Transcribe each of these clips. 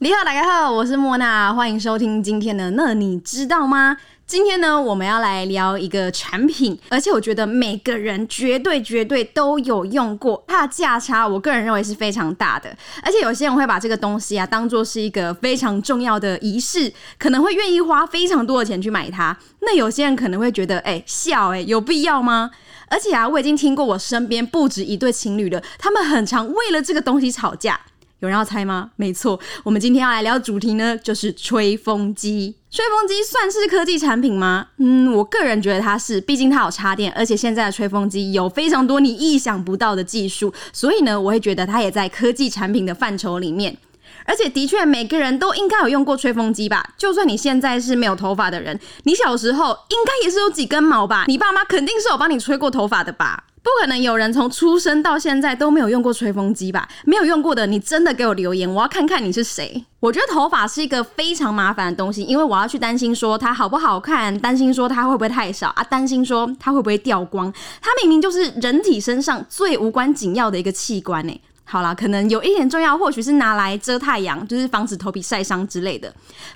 你好，大家好，我是莫娜，歡迎收聽今天的那你知道嗎？今天呢，我們要來聊一個產品，而且我覺得每個人絕對絕對都有用過，它的價差，我個人認為是非常大的。而且有些人會把這個東西啊當做是一個非常重要的儀式，可能會願意花非常多的錢去買它。那有些人可能會覺得，欸，笑，欸，有必要嗎？而且啊，我已經聽過我身邊不止一對情侶了，他們很常為了這個東西吵架。有人要猜嗎？沒錯，我們今天要來聊的主題呢，就是吹風機。吹風機算是科技產品嗎？嗯，我個人覺得它是，畢竟它有插電，而且現在的吹風機有非常多你意想不到的技術，所以呢，我會覺得它也在科技產品的範疇裡面。而且的確，每個人都應該有用過吹風機吧？就算你現在是沒有頭髮的人，你小時候應該也是有幾根毛吧？你爸媽肯定是有幫你吹過頭髮的吧？不可能有人從出生到現在都沒有用過吹風機吧？沒有用過的，你真的給我留言，我要看看你是誰。我覺得頭髮是一個非常麻煩的東西，因為我要去擔心說它好不好看，擔心說它會不會太少啊，擔心說它會不會掉光。它明明就是人體身上最無關緊要的一個器官呢、欸。好啦，可能有一點重要，或許是拿來遮太陽，就是防止頭皮曬傷之類的。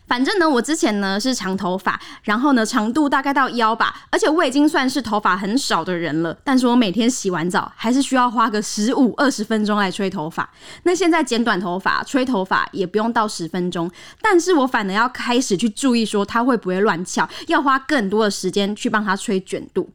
反正呢，我之前呢是長頭髮，然後呢長度大概到腰吧，而且我已經算是頭髮很少的人了。但是我每天洗完澡還是需要花個十五二十分鐘來吹頭髮。那現在剪短頭髮，吹頭髮也不用到十分鐘，但是我反而要開始去注意說它會不會亂翹，要花更多的時間去幫它吹捲度。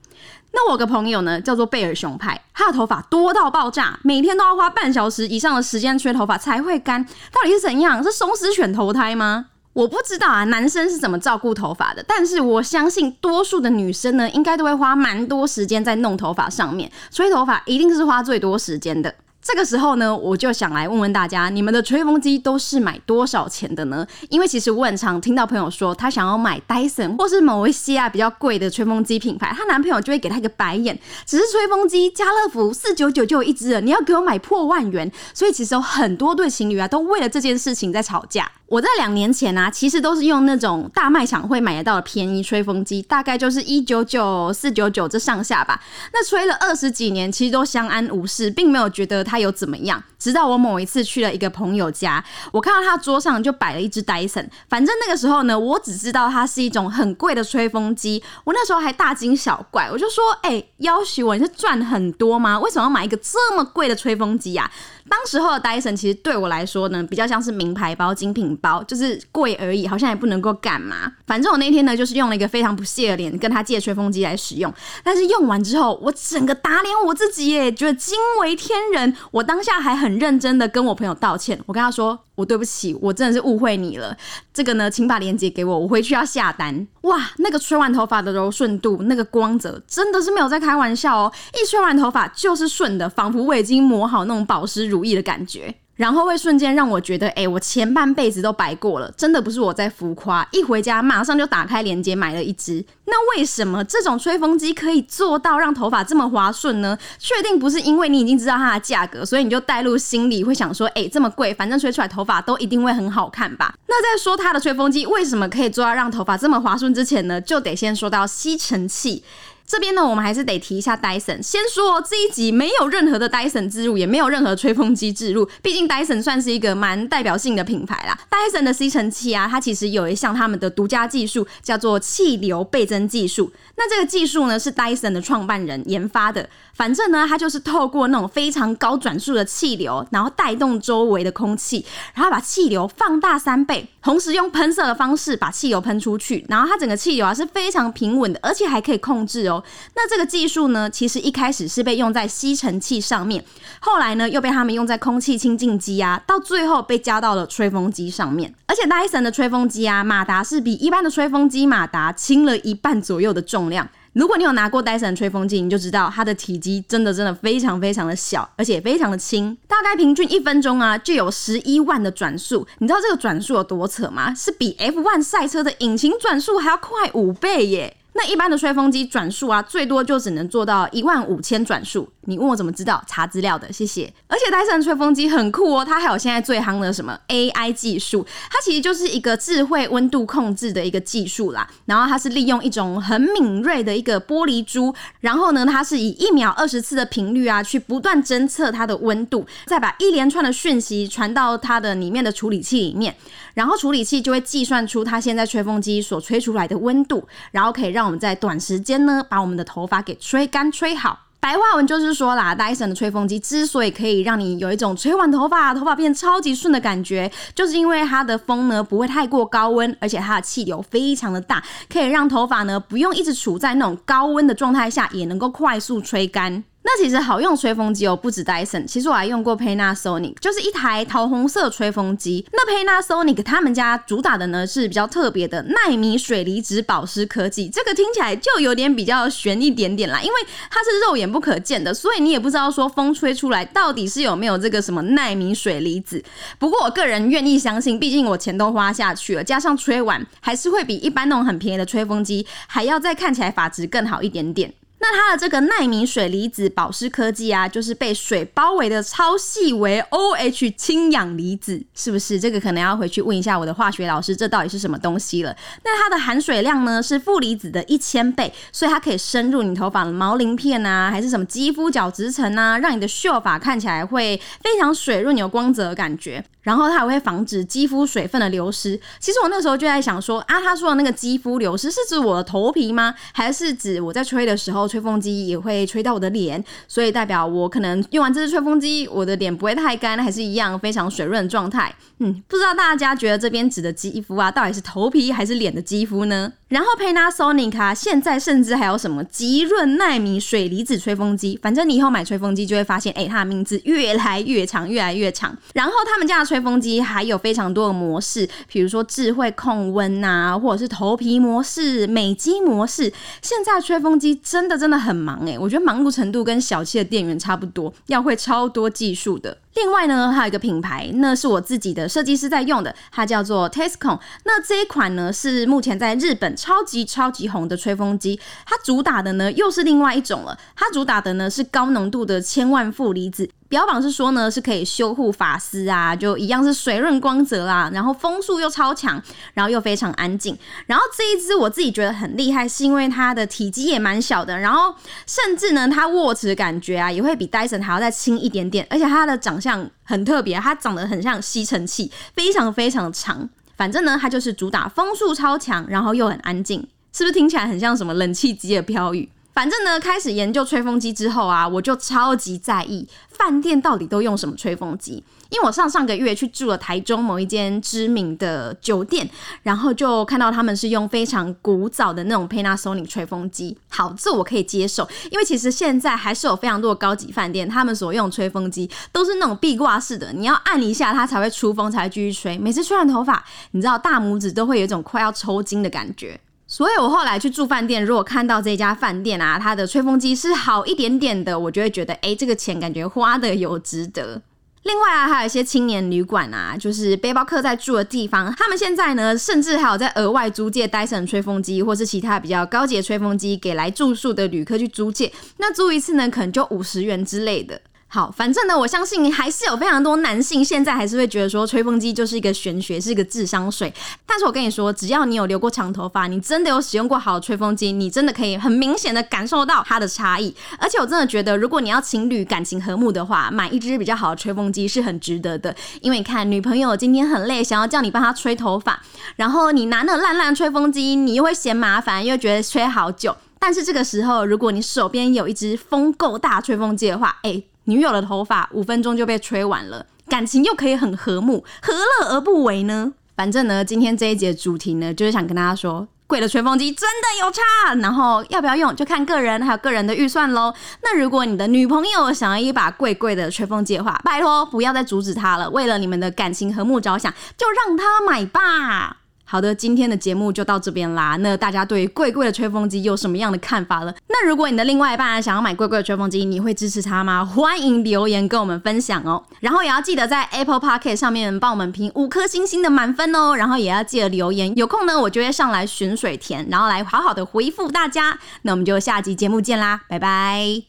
那我個朋友呢，叫做貝爾熊派，他的頭髮多到爆炸，每天都要花半小時以上的時間吹頭髮才會乾。到底是怎樣？是鬆獅犬投胎嗎？我不知道啊，男生是怎麼照顧頭髮的？但是我相信，多數的女生呢，應該都會花蠻多時間在弄頭髮上面，吹頭髮一定是花最多時間的。這個時候呢，我就想來問問大家，你們的吹風機都是買多少錢的呢？因為其實我很常聽到朋友說，她想要買 Dyson 或是某一些啊比較貴的吹風機品牌，她男朋友就會給她一個白眼。只是吹風機，家樂福四九九就有一支了，你要給我買破萬元，所以其實有很多對情侶啊，都為了這件事情在吵架。我在兩年前啊，其實都是用那種大賣場會買得到的便宜吹風機，大概就是一九九四九九這上下吧。那吹了二十幾年，其實都相安無事，並沒有覺得它有怎麼樣。直到我某一次去了一個朋友家，我看到他桌上就擺了一隻 Dyson。反正那個時候呢，我只知道它是一種很貴的吹風機。我那時候還大驚小怪，我就說：“哎，要許我，你是賺很多嗎？為什麼要買一個這麼貴的吹風機呀？”當時候的 Dyson 其實對我來說呢，比較像是名牌包、精品包，就是貴而已，好像也不能夠幹嘛。反正我那天呢，就是用了一個非常不屑的臉跟他借吹風機來使用。但是用完之後，我整個打臉我自己耶，覺得驚為天人。我當下還很很認真的跟我朋友道歉，我跟他說，我對不起，我真的是誤會你了。這個呢，請把鏈接給我，我回去要下單。哇，那個吹完頭髮的柔順度，那個光澤，真的是沒有在開玩笑哦！一吹完頭髮就是順的，仿佛我已經抹好那種保濕乳液的感覺。然後會瞬間讓我覺得，誒、欸，我前半輩子都白過了，真的不是我在浮誇。一回家馬上就打開鏈接買了一支。那為什麼這種吹風機可以做到讓頭髮這麼滑順呢？確定不是因為你已經知道它的價格，所以你就帶入心裡會想說，誒、欸，這麼貴，反正吹出來頭髮都一定會很好看吧？那在說它的吹風機為什麼可以做到讓頭髮這麼滑順之前呢，就得先說到吸塵器。這邊呢，我們還是得提一下 Dyson。先說哦，這一集沒有任何的 Dyson 置入，也沒有任何吹風機置入。畢竟 Dyson 算是一個蠻代表性的品牌啦。Dyson 的吸塵器啊，它其實有一項他們的獨家技術，叫做氣流倍增技術。那這個技術呢，是 Dyson 的創辦人研發的。反正呢，它就是透過那種非常高轉速的氣流，然後帶動周圍的空氣，然後把氣流放大三倍，同時用噴射的方式把氣流噴出去。然後它整個氣流啊是非常平穩的，而且還可以控制哦。那這個技術呢，其實一開始是被用在吸塵器上面，後來呢又被他們用在空氣清淨機啊，到最後被加到了吹風機上面。而且 Dyson 的吹風機啊，馬達是比一般的吹風機馬達輕了一半左右的重量。如果你有拿過 Dyson 吹風機，你就知道它的體積真的真的非常非常的小，而且非常的輕。大概平均一分鐘啊，就有十一萬的轉速。你知道這個轉速有多扯嗎？是比 F1 賽車的引擎轉速還要快五倍耶！那一般的吹風機轉速啊，最多就只能做到一萬五千轉速。你問我怎麼知道查資料的，謝謝。而且戴森吹風機很酷哦、喔，它還有現在最夯的什麼 AI 技術，它其實就是一個智慧溫度控制的一個技術啦。然後它是利用一種很敏銳的一個玻璃珠，然後呢，它是以一秒二十次的頻率啊，去不斷偵測它的溫度，再把一連串的訊息傳到它的裡面的處理器裡面，然後處理器就會計算出它現在吹風機所吹出來的溫度，然後可以讓我們在短時間呢，把我們的頭髮給吹乾吹好。白話文就是說啦，戴森的吹風機之所以可以讓你有一種吹完頭髮，頭髮變超級順的感覺，就是因為它的風呢，不會太過高溫，而且它的氣流非常的大，可以讓頭髮呢，不用一直處在那種高溫的狀態下，也能夠快速吹乾。那其實好用吹風機哦，不止 Dyson，其實我還用過 Panasonic，就是一台桃紅色吹風機。那 Panasonic 他們家主打的呢是比較特別的奈米水離子保濕科技，這個聽起來就有點比較玄一點點啦，因為它是肉眼不可見的，所以你也不知道說風吹出來到底是有沒有這個什麼奈米水離子。不過我個人願意相信，畢竟我錢都花下去了，加上吹完還是會比一般那種很便宜的吹風機還要再看起來髮質更好一點點。那它的這個奈米水離子保濕科技啊，就是被水包圍的超細微 O H 氫氧離子，是不是？這個可能要回去問一下我的化學老師，這到底是什麼東西了？那它的含水量呢是負離子的一千倍，所以它可以深入你頭髮毛鱗片啊，還是什麼肌膚角質層啊，讓你的秀髮看起來會非常水潤有光澤的感覺。然後它還會防止肌膚水分的流失。其實我那時候就在想說，啊，他說的那個肌膚流失是指我的頭皮嗎？還是指我在吹的時候，吹風機也會吹到我的臉？所以代表我可能用完這支吹風機，我的臉不會太乾，還是一樣非常水潤的狀態。嗯，不知道大家覺得這邊指的肌膚啊，到底是頭皮還是臉的肌膚呢？然後 Panasonic，啊，現在甚至還有什麼極潤奈米水離子吹風機？反正你以後買吹風機就會發現，哎，它的名字越來越長，越來越長。然後他們家的吹。吹風機還有非常多的模式，比如說智慧控溫吶、啊，或者是頭皮模式、美肌模式。現在吹風機真的真的很忙誒、欸，我覺得忙碌程度跟小七的店員差不多，要會超多技術的。另外呢，還有一個品牌，那是我自己的設計師在用的，它叫做 Tescom。那這一款呢，是目前在日本超級超級紅的吹風機，它主打的呢又是另外一種了。它主打的呢是高濃度的千萬負離子，標榜是說呢是可以修護髮絲啊，就一樣是水潤光澤啊，然後風速又超強，然後又非常安靜。然後這一支我自己覺得很厲害，是因為它的體積也蠻小的，然後甚至呢，它握持的感覺啊也會比 Dyson 還要再輕一點點，而且它的長相像很特別，它長得很像吸塵器，非常非常長。反正呢，它就是主打風速超強，然後又很安靜，是不是聽起來很像什麼冷氣機的標語？反正呢，開始研究吹風機之後啊，我就超級在意飯店到底都用什麼吹風機。因為我上上個月去住了台中某一間知名的酒店，然後就看到他們是用非常古早的那種 Panasonic 吹風機。好，這我可以接受，因為其實現在還是有非常多的高級飯店，他們所用吹風機都是那種壁掛式的，你要按一下它才會出風，才繼續吹。每次吹完頭髮，你知道大拇指都會有一種快要抽筋的感覺。所以我後來去住飯店，如果看到這一家飯店啊，它的吹風機是好一點點的，我就會覺得，哎、欸，這個錢感覺花得有值得。另外啊，還有一些青年旅館啊，就是背包客在住的地方，他們現在呢，甚至還有在額外租借戴森吹風機，或是其他比較高級的吹風機給來住宿的旅客去租借。那租一次呢，可能就五十元之類的。好，反正呢，我相信還是有非常多男性現在還是會覺得說吹風機就是一個玄學，是一個智商稅。但是我跟你說，只要你有留過長頭髮，你真的有使用過好的吹風機，你真的可以很明顯的感受到它的差異。而且我真的覺得，如果你要情侶感情和睦的話，買一支比較好的吹風機是很值得的。因為你看，女朋友今天很累，想要叫你幫她吹頭髮，然後你拿那個爛爛吹風機，你又會嫌麻煩，又會覺得吹好久。但是這個時候，如果你手邊有一隻風夠大吹風機的話，誒、欸。女友的頭髮五分鐘就被吹完了，感情又可以很和睦，何樂而不為呢？反正呢，今天這一節主題呢，就是想跟大家說，貴的吹風機真的有差，然後要不要用就看個人，還有個人的預算嘍。那如果你的女朋友想要一把貴貴的吹風機的話，拜托不要再阻止她了，為了你們的感情和睦着想，就讓她買吧。好的，今天的節目就到這邊啦。那大家對於貴貴的吹風機有什麼樣的看法呢？那如果你的另外一半想要買貴貴的吹風機，你會支持他嗎？歡迎留言跟我們分享哦。然後也要記得在 Apple Podcast 上面幫我們評五顆星星的滿分哦。然後也要記得留言，有空呢，我就會上來巡水田，然後來好好的回復大家。那我們就下集節目見啦，拜拜。